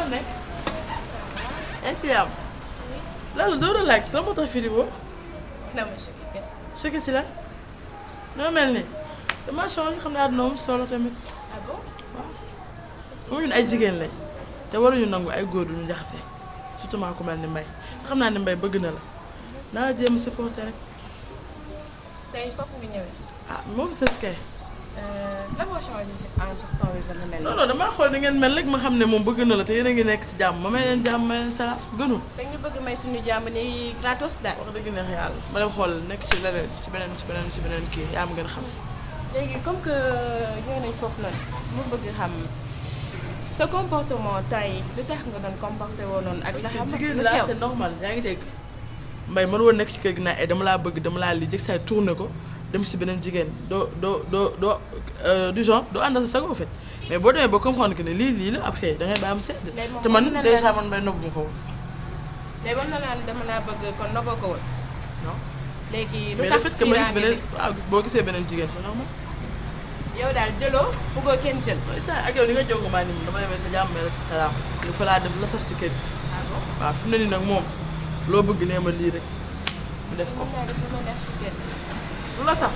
loo nekk. est-ce que am. loolu doo relax la moo si la. noo mel ni dama changé xam naa dina am solo tamit. ah ñun ay jigéen lañ. te waruñu nangu ay góor duñu jaxase surtout mel ni mbay te xam naa ne mbay bëgg na la naa jéem supporter rek. Ah, moom sës kay. Euh, lan moo changé si entre xool ni ngeen mel rek ma xam ne moom bëgg a la te yéen a ngi nekk si jàmm ma may leen jàmm ma leen salaam gënul. may suñu jàmm ni gratos daal. wax dëgg neex ma dem xool nekk ci leneen ci beneen ci beneen ci beneen kii yaa am ngeen xam. léegi comme que ñëw nañ foofu noonu mu bëgg xam sa comportement tay lu tax nga doon comporté woo noonu ak. la xam parce que jigéen la normal yaa ngi dégg. mbay man woon nekk ci kër gi naa eh, dama laa bëgg dama laa li jëg saa tourné ko dem si beneen jigéen doo doo doo doo euh, du genre doo ànd sa sago en mais boo demee ba comprendre que ne lii lii la après da ngay bàyyi am sedd te man déjà man may nobbu ma ko woon. léegi war na naan dama naa bëgg kon noboo ko woon non. léegi lu tax si mais beneen waaw boo gisee beneen jigéen sax yow daal jëloo bëggoo kenn jël. waaye nga jóg maa nii dama demee sa jàmm la sa salaam. lu fa laa def la saf ci kër gi. Ah waaw fi ne nii nag moom loo bëgg nee ma lii rek mu def ko. lu la saf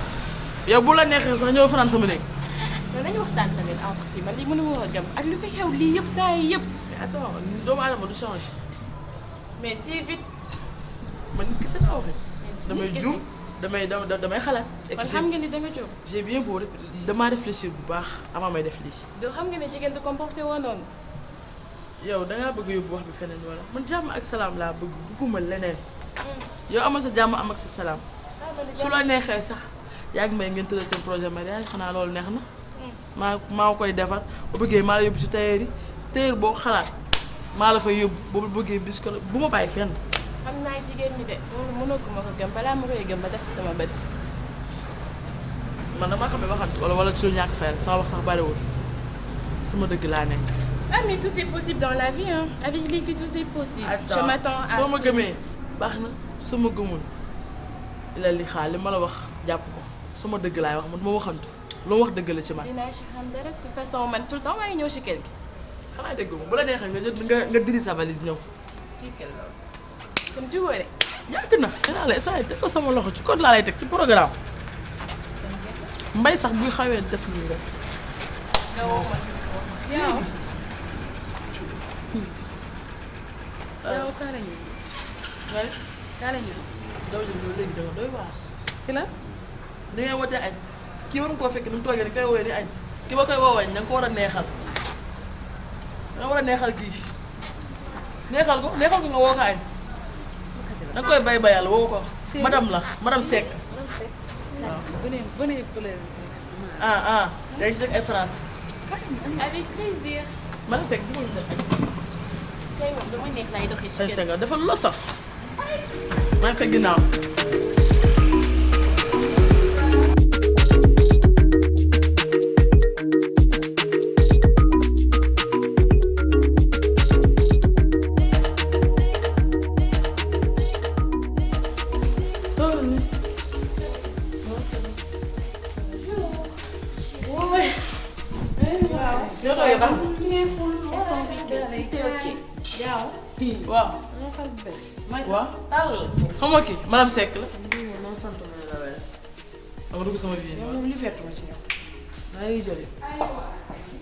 yow bu la neexee sax ñëw fanaan sama néeg. mais nañu waxtaan tamit entreprise man lii mënuma a gëm ak lu fi xew lii yëpp temps yëpp. mais attends doomu change. mais si vite. man gis ki sa kaw fi. damay juum damay damay xalaat. kon xam nga ni danga juum. j'ai bien beau damaa réfléchir bu baax avant may def lii. doo xam nga ne jigéen du comporté woon noonu. yow dangaa bëgg yóbbu wax bi feneen wala man jàmm ak salaam laa bëgg bëgguma leneen. Mm. yow amal sa jàmm am ak sa salaam. su la neexee sax yaa ngi may ngeen tëral seen projet mariage xanaa loolu neex na. maa maa koy defar bu bëggee maa la yóbbu ci tailleur yi boo xalaat maa la fay yóbbu bu bëggee bis bu ma bàyyi fenn. xam naa jigéen ñi de loolu mënaguma ko gëm balaa ma koy gëm ba def ci sama bët. man damaa xam ne waxat wala wala ci lu ñàkk fayal sama wax sax bariwul sama dëgg laa nekk. ah mais tout est possible dans la vie hein avec les filles tout est possible. je m'attends ma gëmee baax na su ma ila li xaar ma la wax jàpp ko suma dëgg laay wax man ma waxantu loo wax dëgg la ci man. dinaa si xam dara de toute man tout le temps ñëw si kër gi. xanaa dégg nga bu la neexee nga jël nga diri sa valise ñëw. ci kër loolu. kon yàgg na dinaa la saa teg ko sama loxo ci code laa lay ci programme. mbay sax buy xawee def li daw jël ñëw la. ni ngay wootee añ kii waroon koo fekk ni mu toogee ni koy woowee ni añ ki ba koy woowee añ da nga war a neexal war a neexal kii neexal ko neexal ko nga koy bay bayal woo ko. madame la madame Seck. ah ah dañ ci ma la def añ. kay moom dama neex la saf. maa sa ginnaaw ko kii madame Seck la. sant nañ la wala. dama dugg sama vie. yow moom li fett ma ci yow. maa ngi jëlee.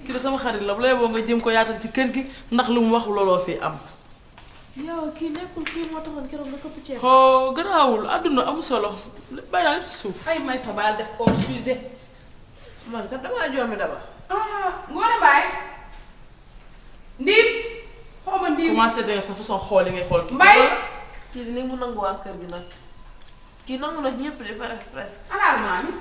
kii de sama xarit la bu lay boo nga jëm ko yaatal ci kër gi ndax lu mu wax looloo fi am. yow kii nekkul kii moo taxoon keroog nga këpp ceeb. oh garaawul àdduna am solo bàyyi naa ci suuf. ay may sa def hors sujet. man kat damaa joomi daba. Ah, Ngoné Mbaye. Ndiim. xaw ma Ndiim commencé sa façon xool yi ngay xool. Mbaye. kii léegi mu nangu kër gi nag kii nangu na ñëpp de presque presque. alaamaani.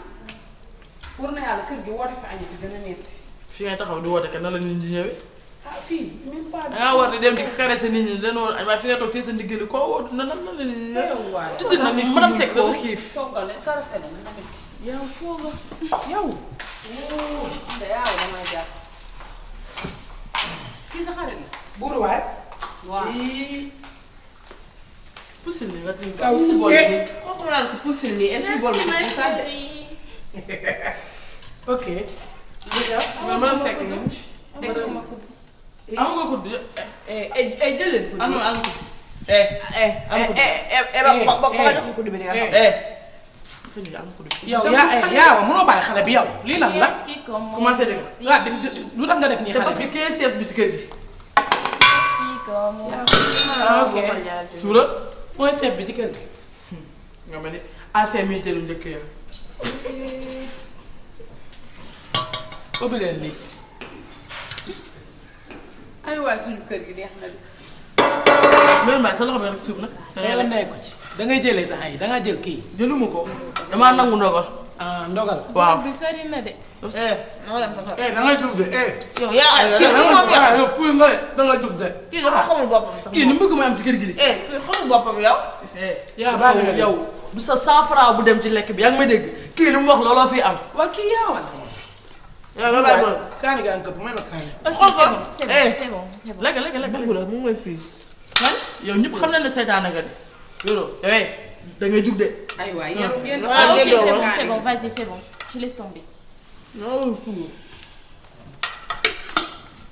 na yàlla kër gi woote fa añu ci gën a metti. fii ngay di woote ah, fii même da ngaa war di dem di caressé nit ñi dañoo waaye fi nga toog tey sa ndigal koo woote nan nan la nit ñi ñëwee. tëdd na ni madame Seck dafa xiif. toggal caressé la nga xamante ni. pusil nii nga tëj ko pusil bool bi kooku naan ko pusil nii est-ce que bool bi bu saa de. ok. nga mën a sekk nii. teg ci ma ko. am nga ko jëlee ko. am am ko. eh eh eh ba ba nga jox ko bi nga xam. yow yaa eh, yaa wa mënoo bàyyi xale bi yow lii lan la. commencé def waaw lu tax nga def nii xale bi. parce que kii chef bi ci kër gi. Ah, ok suura. o seet bi ci kër nga ma ni ancien militaire yu njëkk ya. ubbi leen lii. ay waay suñu kër gi neex na de. mère Mbaye sa loxo bi rek suuf nag. dangay nay ko dangay jëlee temps yi jël kii. jëluma ko damaa nangu ndogal. ah ndogal. waaw bi na de. da ngay jub de yow yaa ay yow fuy nga de da nga jub de kii dafa xamul boppam kii ni mu bëgg may am ci kër gi nii kii xamul boppam yow yaa baax yow bu sa cent franc bu dem ci lekk bi yaa ngi may dégg kii li mu wax looloo fi am waa kii yaa wala waaw ba bàyyi ma kaani gaa ngi këpp may ma kaani. Eh, xool ko eh. c'est bon c'est bon. léegi léegi léegi dugg la mu ngi may piis. yow ñëpp xam nañ ne seytaane nga de. yoroo eh, da ngay jug de. aywa yéen yéen waaw ok c'est bon c'est bon vas-y c'est bon je laisse tomber. non suur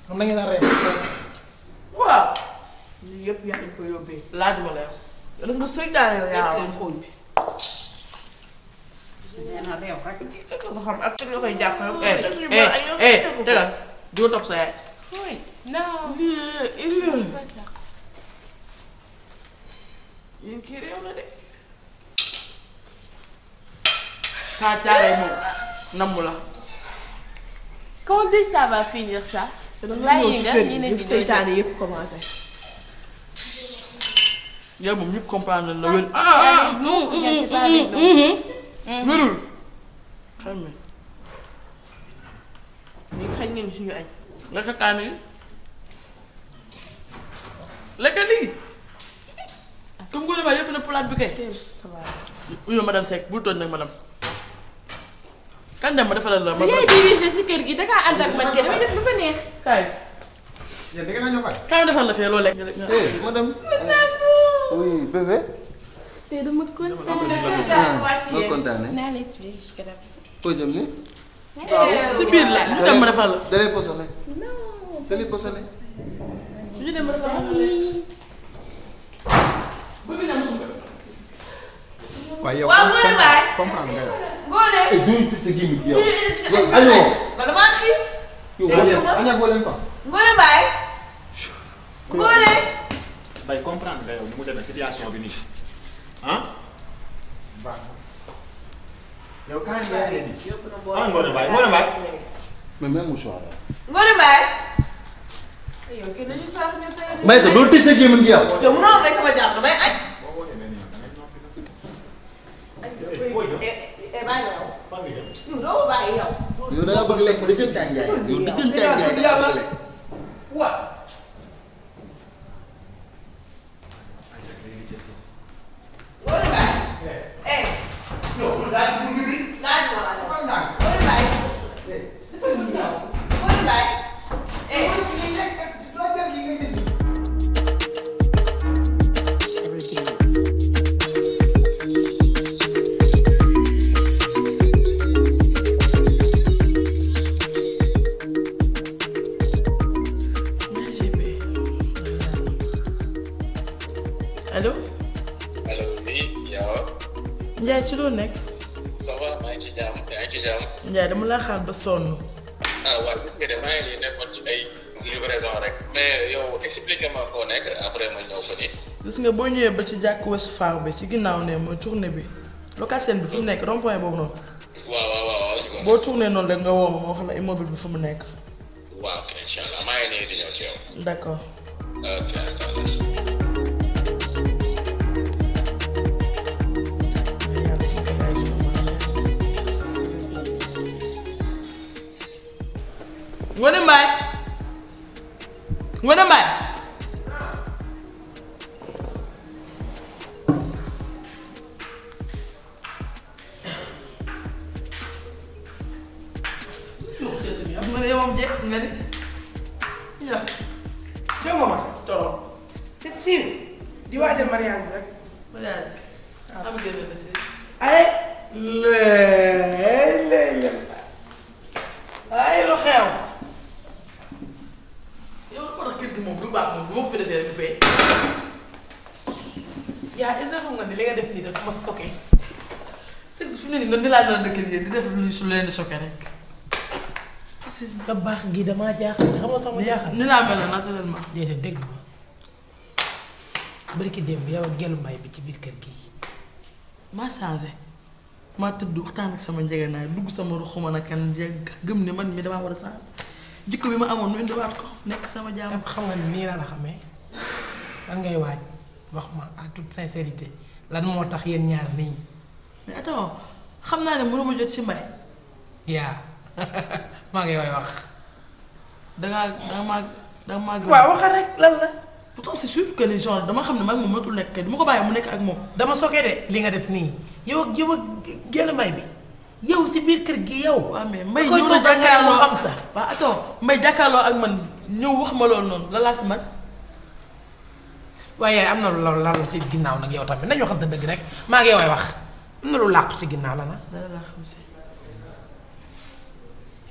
na ngeen waaw lii yëpp yaa ko yóbbee laaj ma la yow da nga seytaane yow yaa am xooñ bi neena réew rek. nga xam ak nga koy jàpp eh, eh, yow. Eh, tegal doo topp yaay. non. kii réew la de. kaa jaaree moom namm la. Quand saa dit ça va finir ça. bàyyi nga ñu ne ñu seytaane yëpp commencé. yow moom ñëpp comprendre la wér. ah lekk kaani yi. lekk lii. Ah. comme na plat bi kay. yow madame Seck bul tooñ nag madame. kan dem ma defaral la ma. yaay dirigé si kër gi da ngaa ànd ak man kay damay def lu ma neex. kaay. yéen a ñëw defal la fee loo lekk. madame. oui bébé. tey dama kontaan nga kontaan naa la expliqué jusque là. foo jëm nii. si biir la ñu dem ma defal la. ma defal la. yow comprendre ay duñ ci sa gémmiñ yow. loolu añoo ba damaa xiif. yow leen ko. Ngoné Mbaye. Ngoné. bay comprendre nga yow ni mu demee situation bi nii ah. baax na yow kaay Mbaye la nii. ah Ngoné Mbaye Ngoné Mbaye. mais même mouchoir la. Ngoné Mbaye. yow kii nañu saaf ñu tey. Maysa loolu tëj sa gémmiñ gi yow. yow munoo may sama jàmm damay añ. mais bàyyi ma yow. fan nga jëm. yow doo bàyyi yow. yow da nga bëgg lekk dëggantaan jaay yow dëggantaan jaay da nga lekk waaw. loolu baax. allo. allo ci loo nekk. ça va maa dama laa xaar ba sonn. ah gis nga de maa ngi nekkoon ci nga boo ñëwee ba ci jàkk Ouest Foire bi ci ginnaaw ne mooy tournée bi. location bi fu nekk rond point boobu noonu. waaw waaw waaw. boo tourné noonu rek nga woo ma wax la immobile bi fu mu nekk. waaw incha allah maa ngi nii di ñëw ci yow. d'accord. Ngoné Mbaye Ngoné Mbaye nga ne moom jeex nga ne ñax fee moom ak torob te siiw di waajal mariage bi rek mariage am génn ba si ay bu ma ko fi defee rek du fee yaa est-ce ni li nga def nii dafa ma soke c'est sa baax gi damaa jaaxal xam nga xam nga jaaxal. ni laa mel naturellement. déedéet dégg ma barki démb yow ak gelu mbay bi ci biir kër gi maa changé maa tëdd waxtaan ak sama njëgënaay dugg sama ruxuma na kan gëm ne man mi damaa war a changé. jikko bi ma amoon mu indiwaat ko nekk sama jaam. xam nga nii laa la xamee lan ngay waaj wax ma à toute sincérité lan moo tax yéen ñaar nii. mais attends xam naa ne mënuma jot ci mbay. yaa maa ngi koy wax. da ngaa da maa da maa. waaw waxal rek lan la. pourtant c'est sûr que les gens dama xam ne mag moom matul nekk kay du ko bàyyi mu nekk ak moom. dama soke de li nga def nii yow ak yow ak génn mbay bi. yow si biir kër gi yow. waaw ah, mais may ñëw jàkkaarloo am sa waaw attends may jàkkaarloo ak man ñëw wax ma loolu noonu lalaa si man waaye am na lu la laalu ci ginnaaw nag yow tamit nañu waxante dëgg rek maa ngi yow ay wax làqu ci ginnaaw la na dara laa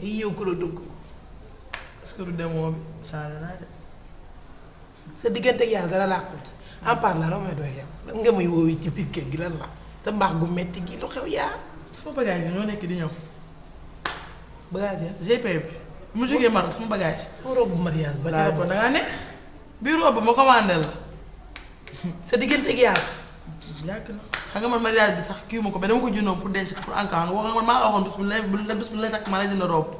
yow ku la dugg est du dem moom changé naa de sa diggante ak yàlla dara làqu en parlant la mooy doy yow nga may woowi ci biir kër gi lan la te mbaax gu metti gi lu xew yaa. sama bagage bi ñoo nekk di ñëw. bagage ya GP bi. mu jógee Maroc sama bagage. ma robe mariage ba ca ko da ngaa ne. bii robe ma commandé la. sa diggante ak yàlla. nga man mariage bi sax ko ba ko jëndoo pour pour encore wax nga man maa waxoon bismillah bismillah takk maa lay dina robe.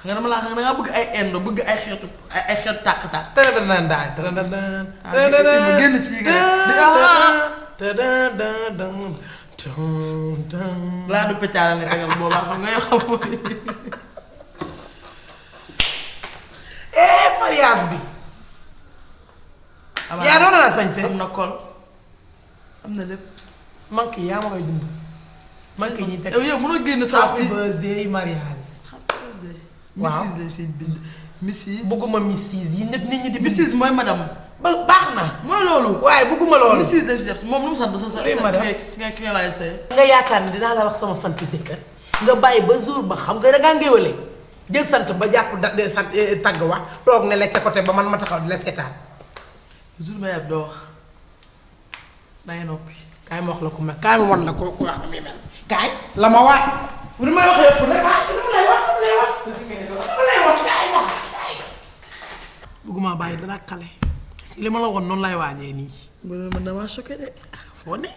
xam nga dama laa xam nga da ngaa bëgg ay indo bëgg ay xeetu ay xeetu tàq-tàq. tërëndaan daan tërëndaan. ah génn ci yi nga laa du peccaala nga tegal boobaa xam nga yoo xam mooy eh mariage bi yaa doon la sañse am na kol am na lépp manque yaa ma koy dund manque ñi teg yow mënoo génn saaf si birthday mariage waaw si bind missis bëgguma missis yi ñépp nit ñi di missis mooy madame ba baax na mooy loolu. waaye bëgguma loolu. si def si def moom nu mu sant sa sa nga yaakaar ne dinaa la wax sama sant jëkkër nga bàyyi ba jour ba xam nga da ngaa ngéwale jël sant ba jàpp da de sant eh, tàgg wax toog ne la ca côté ba man ma taxaw di la seetaan. jour ba yàgg doo wax day noppi. kaay ma wax la ko mel kaay ma wan la ko ko wax mi mel kaay la ma waay. bu dul may wax yëpp rek ah lay wax lay wax lay wax kaay wax kaay. bëgguma bàyyi dara xale. li ma la woon noonu lay waajee nii. man man damaa choqué de. ne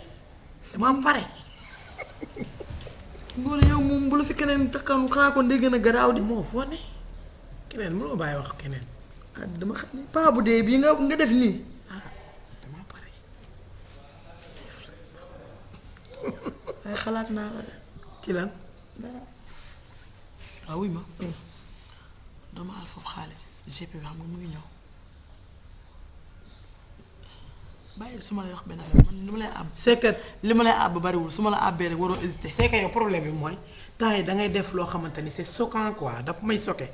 dama am pare. loolu yow moom bu la fi keneen takkaan xanaa kon day gën a garaaw di. moo foo ne keneen mënoo bàyyi wax keneen. ah dama xam ne paa bu dee bii nga nga def nii. ah dama pare. xalaat naa la ah, mm. xaalis GP bi xam nga mu ngi ñëw. bàyyil su ma lay wax benn affaire li ma lay àbb. c'est que li ma lay àbb bariwul su ma la àbbee rek waroo hésité. c'est yow problème bi mooy temps yi da ngay def loo xamante ni c'est choquant quoi daf may soke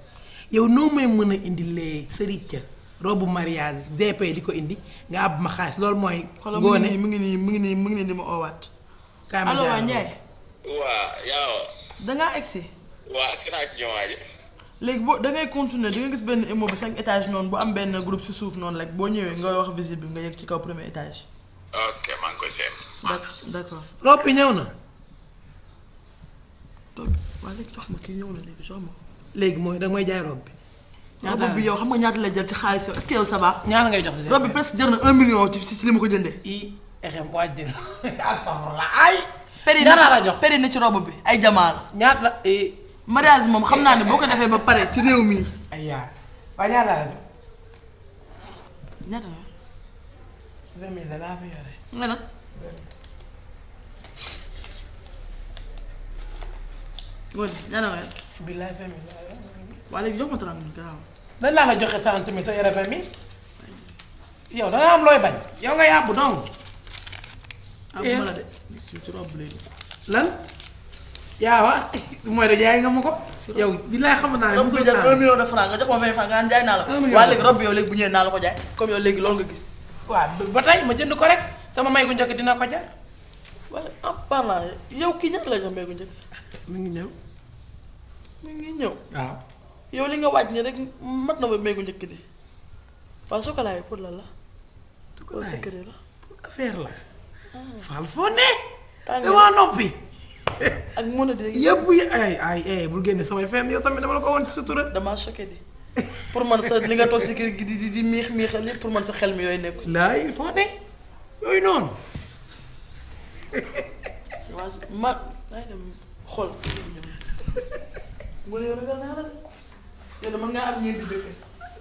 yow noo may mën a indilee sëriñ robu mariage DP li ko indi nga àbb ma xaalis loolu mooy. ngoone mu ngi nii mu ngi nii mu ngi nii di ma oowaat. allo waa Ndiaye. waaw yow. da ngaa egsi. agsi naa ci jumaa ji. léegi boo da ngay continuer di gis benn immeuble chaque étage noonu bu am benn groupe si suuf noonu rek boo ñëwee nga wax visite bi nga yëg ci kaw premier étage. ok maa ngi koy seet. d' accord rob bi ñëw na. toog waaye ma kii ñëw na léegi jox mooy danga may jaay rob bi. ñaata bi yow xam nga ñaata la jël ci xaalis yow est ce que yow ngay jox de rob bi presque jar na un million ci li ma ko jëndee. i FM ay. dara la jox péri na ci rob bi ay jamaar ñaata la mariage moom xam naa ne boo ko defee ba pare ci réew mi. ay yaa waaye ñaata la jox. ñaata la. vingt mille laa la yor. billaay vingt laa yor. waa léegi jox ma lan laa la joxe trente mille te am looy bañ. yow nga yàbb dong. Eh? lan. yaa wa mooy de jaay nga ma ko. yow bi laa xamoon naa ne. bu jël un million de franc nga jox ma vingt franc nga naan jaay naa la. un million waaw léegi rob bi yow léegi bu ñëwee naa la ko jaay comme yow léegi loolu nga gis. waaw ba tey ma jënd ko rek sama may gu njëkk dina ko jar. wala en ah, parlant yow kii ñett la jox may gu njëkk. mi ngi ñëw. mi ngi ñëw. waaw. yow li nga waaj ni rek mat na ba may gu njëkk di waaw soo ko laajee pour lan la. soo ko laajee pour affaire la. Ah. Fall foo ne. tàngoor noppi. ak mën a dégg yëpp yi ay ay ay bul génne samay fem yow tamit dama la ko woon sa tura damaa choqué di man li nga toog si kër gi di di di miix miixal yëpp pour man sa xel mi yooyu nekku laa naa la de yow de mën ngaa am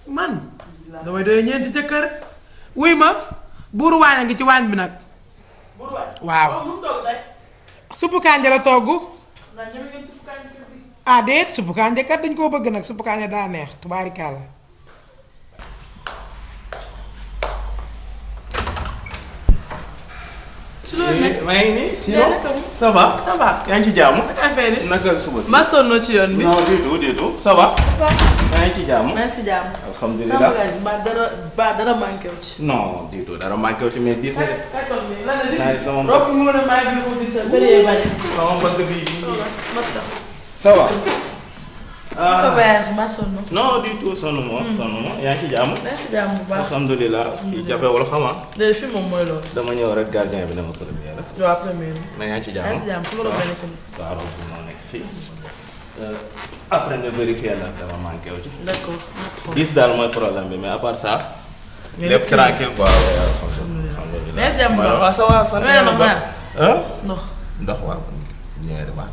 man damay doy ñeenti jëkkër wuy ma buuru waañ a ngi ci waañ bi nag waaw oh, suppu kànja la togg ah déet suppu kànja kat dañ koo bëgg nag suppu kànja daa neex tubaarikàlla ci loolu nag maa ngi nii si yow ça va ça va ci jàmm ak affaire yi naka suba si ma sonnoo ci yoon bi non du tout du tout ça maa ngi ci jàmm maa ngi ci jàmm alhamdulilah ba dara ba dara manqué wu ci non du tout dara manqué wu ci mais diis na sama mbëgg bi nii ça va ah voyage mbaa non du tout sonn ma. Hmm. sonn ma yaa ngi ci jàmm. alhamdulilah. kii jafewul xama. léegi fii hmm. moom mooy loolu. dama ñëw rek gardien bi dama premier la. mais yaa ngi ci jàmm yaa ngi ci nekk fii. Euh, après nga vérifier ndax dama manqué wu ci. d' accord gis daal mooy problème bi mais à part ça. lépp tranquille quoi. alhamdulilah yaa ngi ci jàmm bu baax waaw waaw ça ñeeri baax.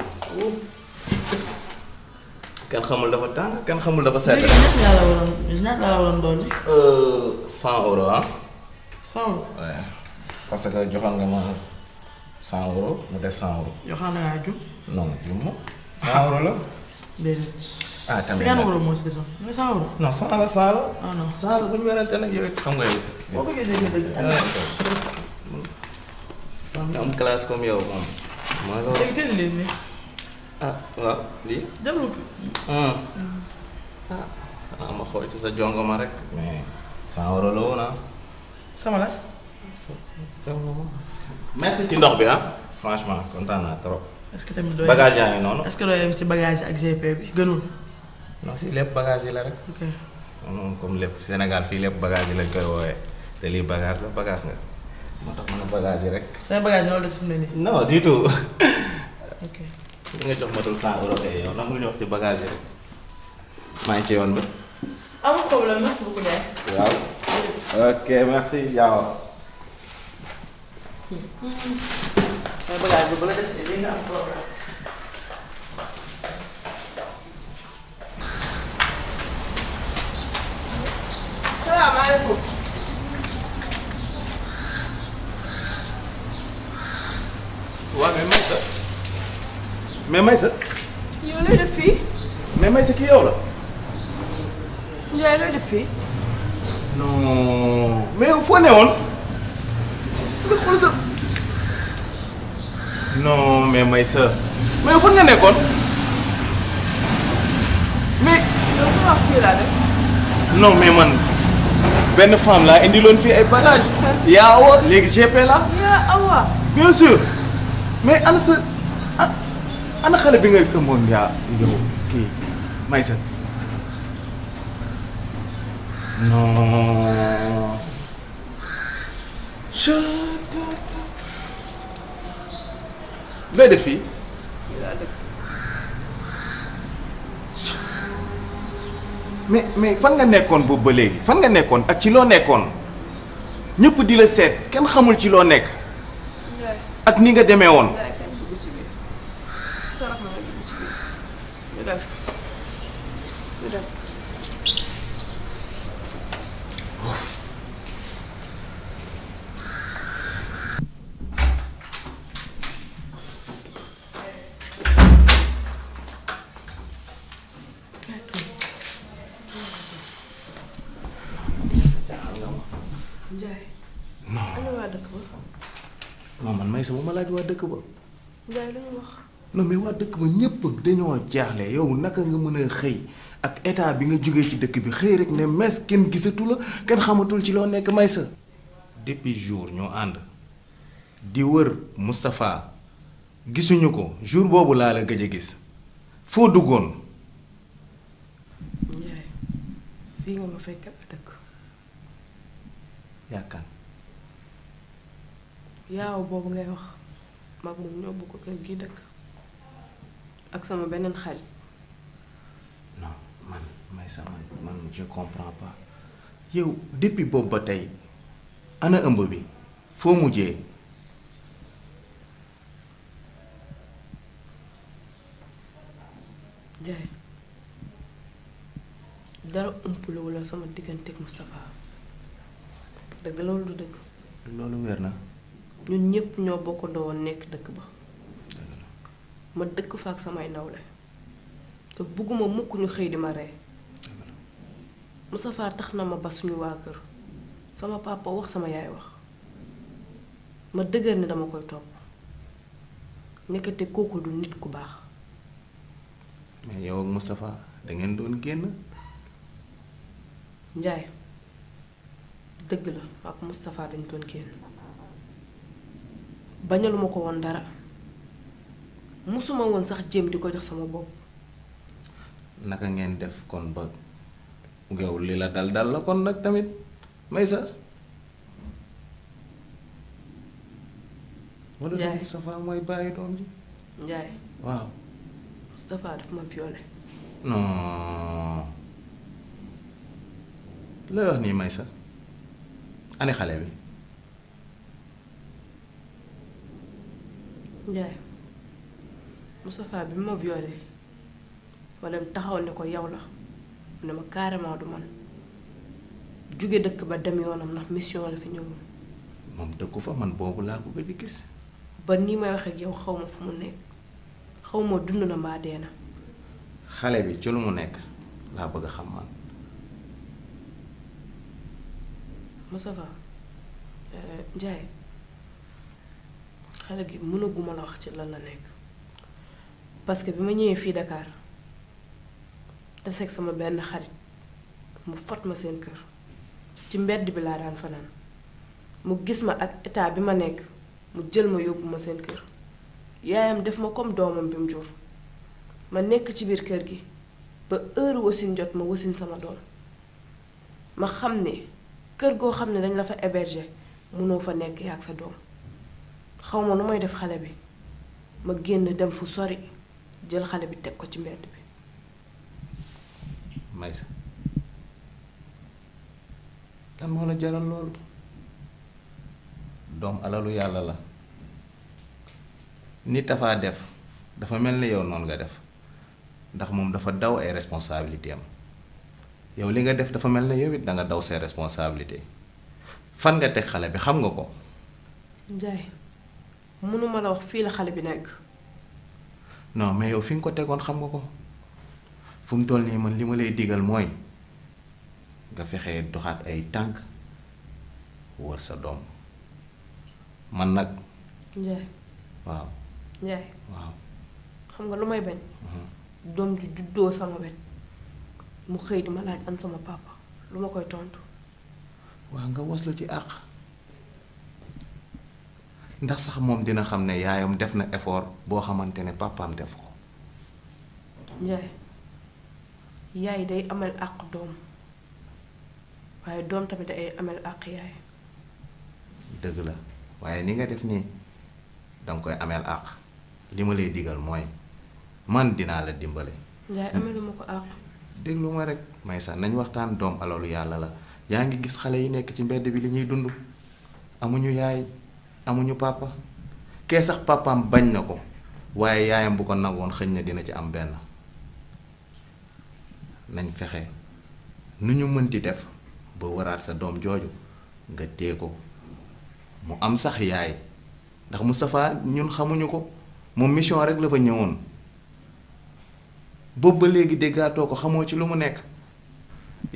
xamul dafa tàng kenn xamul dafa sedd. léegi ñaata laa la waroon ñaata laa la waroon doon. Euh, cent euros ah. cent euros. waaw parce que joxoon nga ma cent euros mu des cent euros. joxoon naa jum. non jum ma. cent euros la. déedéet. ah tamit nag euros moo si desoon mais cent euros. non cent la cent la. ah non cent la bu ñu werante nag yow xam nga yow. boo bëggee dégg dëgg. Ah, am classe comme yow moom. maa ngi ah waaw lii. jarul ah. ah, ah, xool ci sa jongo rek mais sans la woon ci ndox bi ah. franchement kontaan naa trop. que tamit doo bagage noonu. est que ci bagage ak GP bi gënul. si lépp bagage yi la lépp Sénégal fii lépp bagage lañ koy woowee te lii bagage la bagage nga moo tax mën a bagage yi rek. say bagage ñoo la def fi nii. non du tout. li nga jox matul cent euros kay yow ndax mu ngi wax ci bagage rek maa ngi ci yoon ba. amul problème merci beaucoup Ndiaye. waaw ok merci Diaw. mais bagage bi bu la desee nga am problème. salaamaaleykum. waaw mais Maïssa. mais Maysa. yow looy def fii. mais Maysa kii yow la. Ndiaye def fii. non mais foo ne woon. nga xool mais Maysa. mais fan nga nekkoon. mais. yow laa mais man benn femme laa indiloon fii ay bagages. yaa awa léegi GP la. yaa awa. bien sûr mais ana ana xale bi nga këmboon yaa kii Maysa non def fii mais mais fan nga nekkoon boobu ba léegi fan nga nekkoon ak ci loo nekkoon ñëpp di la seet kenn xamul ci loo nekk ak ni nga demee woon sama ma laaj waa dëkk ba. gars lu wax. non mais waa dëkk ba ñëpp dañoo jaaxle yow naka nga mën a xëy ak état bi nga jógee ci dëkk bi xëy rek ne mes kenn gisatu la kenn xamatul ci loo nekk may sa. depuis jour ñoo ànd di wër Moustapha gisuñu ko jour boobu laa la gëj a gis foo duggoon. Ndiaye fii yaaw boobu ngay wax mag moom ñoo bokk kër gi dëkk ak sama beneen xarit non man may sama man je comprends pas yow depuis boobu ba tey ana ëmb bi foo mujjee jaay dara umpulewula sama digganteeg Moustapha dëgg loolu du dëgg loolu wér na ñun ñëpp ñoo bokkandoo woon nekk dëkk ba ma dëkk fa ak samay nawle te bëgguma mukk ñu xëy di ma ree Moustapha tax na ma ba suñu waa kër sama papa wax sama yaay wax ma dëgër ne dama koy topp nekkate kooku du nit ku baax mais yow ak Moustapha dangeen doon génn Njaay dëgg la ak Moustapha dañ doon génn bañaluma ko woon dara musuma woon sax jéem di ko jox sama bopp. naka ngeen def kon ba yow li la dal dal la kon nag tamit may sa wala doom Moustapha mooy bàyyi doom ji. Njaay waaw. Moustapha daf ma violé. non lay wax nii may sa ani xale bi. Njaay Moustapha bi ma violé walla taxaw ne ko yow la mu ne ma carrément du man jóge dëkk ba dem yoonam ndax mission la fi ñëwul. moom dëkku fa man boobu laa ko gëj gis. ba nii may wax ak xaw ma fu mu nekk xaw ma dund na mbaa dee na. xale bi ci lu mu nekk laa bëgg xam man. Moustapha euh, Njaay. xale mënaguma la wax ci lan la nekk parce que bi ma ñëwee fii Dakar taseeg sama benn xarit mu fot ma seen kër ci mbedd bi laa daan fanaan mu gis ma ak état bi ma nekk mu jël ma yóbbu ma seen kër yaayam def ma comme doomam bi mu jur ma nekk ci biir kër gi ba heure wasin jot ma wasin sama doom ma xam ne kër goo xam ne dañ la fa héberger mënoo fa nekk yaa ak sa doom xaw ma nu may def xale bi ma génn dem fu sori jël xale bi teg ko ci mbedd bi. Maysa lan moo la jaral loolu doom alalu yàlla la ni tafaa def dafa mel ni yow noonu nga def ndax moom dafa daw ay responsabilité am yow li nga def dafa mel ni yow it da nga daw say responsabilité fan nga teg xale bi xam nga ko. mënuma la wax fii la xale bi nekk. non mais yow fi nga ko tegoon xam nga ko fu mu toll nii man li ma lay diggal mooy nga fexe doxaat ay tànk wër sa doom man nag. Ndiaye. waaw. Ndiaye. waaw. xam nga lu may beñ mhm. doom ji juddoo sama wet mu xëy di ma laaj an sama papa lu ma koy tontu. waaw nga waslu ci àq. ndax sax moom dina xam ne yaayam def na effort boo xamante ne papaam def ko. Njaay yaay day amal àq doom waaye doom tamit ay amal àq yaay. dëgg la waaye ni nga def nii danga koy ameel àq li ma lay digal mooy man dinaa la dimbale. Njaay amelu ma ko àq. déglu rek may sax nañ waxtaan doom alalu yàlla la yaa ngi gis xale yi nekk ci mbedd bi li ñuy dund amuñu yaay. amuñu papa kee sax papaam bañ na ko waaye yaayam bu ko nangoon xëñ na dina ci am benn nañ fexe nu ñu mënti def ba waraat sa doom jooju nga téye ko mu am sax yaay ndax Moustapha ñun xamuñu ko moom mission rek la fa ñëwoon boobu ba léegi déggaatoo ko xamoo ci lu mu nekk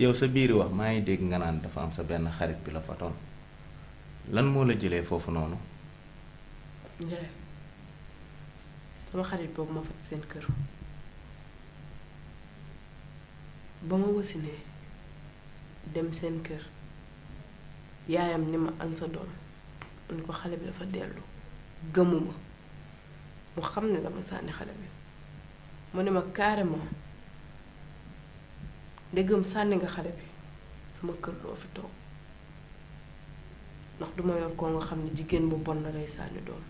yow sa biir wax maa ngi dégg nga naan dafa am sa benn xarit bi la fatoon lan moo la jëlee foofu noonu. Ndiaye sama xarit boobu ma faj seen kër ba ma wasinee dem seen kër yaayam ni ma an sa doom ni ko xale bi dafa dellu gëmuma mu xam ne dama sànni xale bi mu ne ma carrément ndegam sànni nga xale bi sama kër doo fi toog. ndax duma yor koo nga xam ne jigéen bu bon la lay sànni doom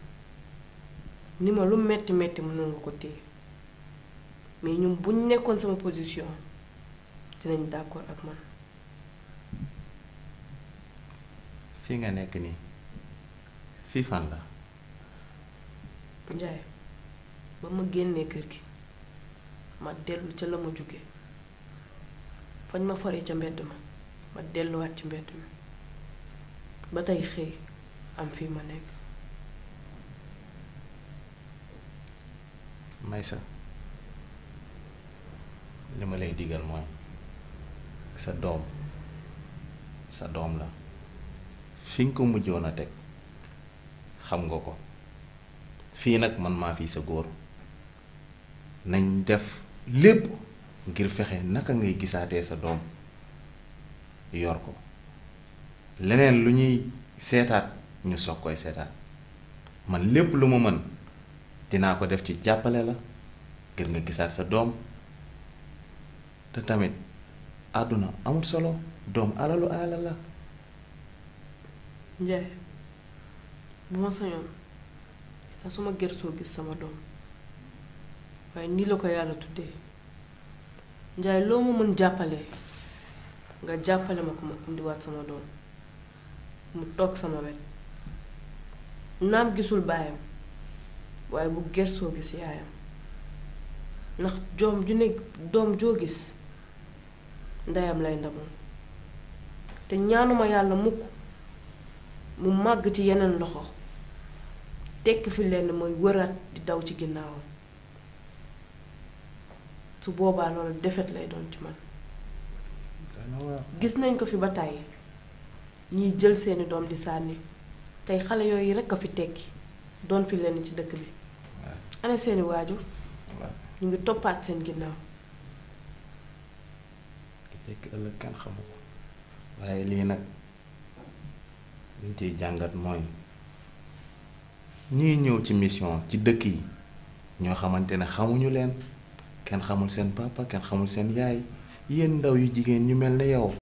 ni ma lu metti metti mënoon nga ko téye mais ñoom bu nekkoon sama position dinañ d'accord ak man fii nga nekk nii fii fan la Njaay ba ma génnee kër gi ma dellu ca la ma jóge fañ ma foree ca mbedd ma ma delluwaat ci mbedd mi ba tey xëy am fii ma nekk. Maysa li ma lay digal mooy sa doom sa doom la fi nga ko mujjoon a teg xam nga ko fii nag man maa fii sa góor nañ def lépp ngir fexe naka ngay gisaatee sa doom yor ko. leneen lu ñuy seetaat ñu soog koy seetaat man lépp lu ma mën dinaa ko def ci jàppale la ngir nga gisaat sa doom te tamit àdduna amul solo doom alalu alal la Njaay bu ma sañoon saa su ma gertoo gis sama doom waaye nii la ko yàlla tuddee Njaay loo ma mën jàppale nga jàppale ma ko ma indiwaat sama doom mu toog sama wet naam gisul baayam waaye bu gersoo gis yaayam ndax joom ju nekk doom joo gis ndeyam lay ndamoon te ñaanuma yàlla mukk mu màgg ci yeneen loxo tekk fi lenn mooy wëraat di daw ci ginnaawam su boobaa loolu defet lay doon ci man gis nañ ko fi ba tàyyi ñiy jël seeni doom di sànni tey xale yooyu rekk a fi tekki doon fi leen ci dëkk bi ana seeni waajur ñu ngi toppaat seen ginnaaw ki tekki waaye lii nag liñ jàngat mooy ñii ñëw ci mission ci dëkk yi ñoo xamante ne xamuñu leen kenn xamul seen papa kenn xamul seen yaay yéen ndaw yu jigéen ñu mel ne yow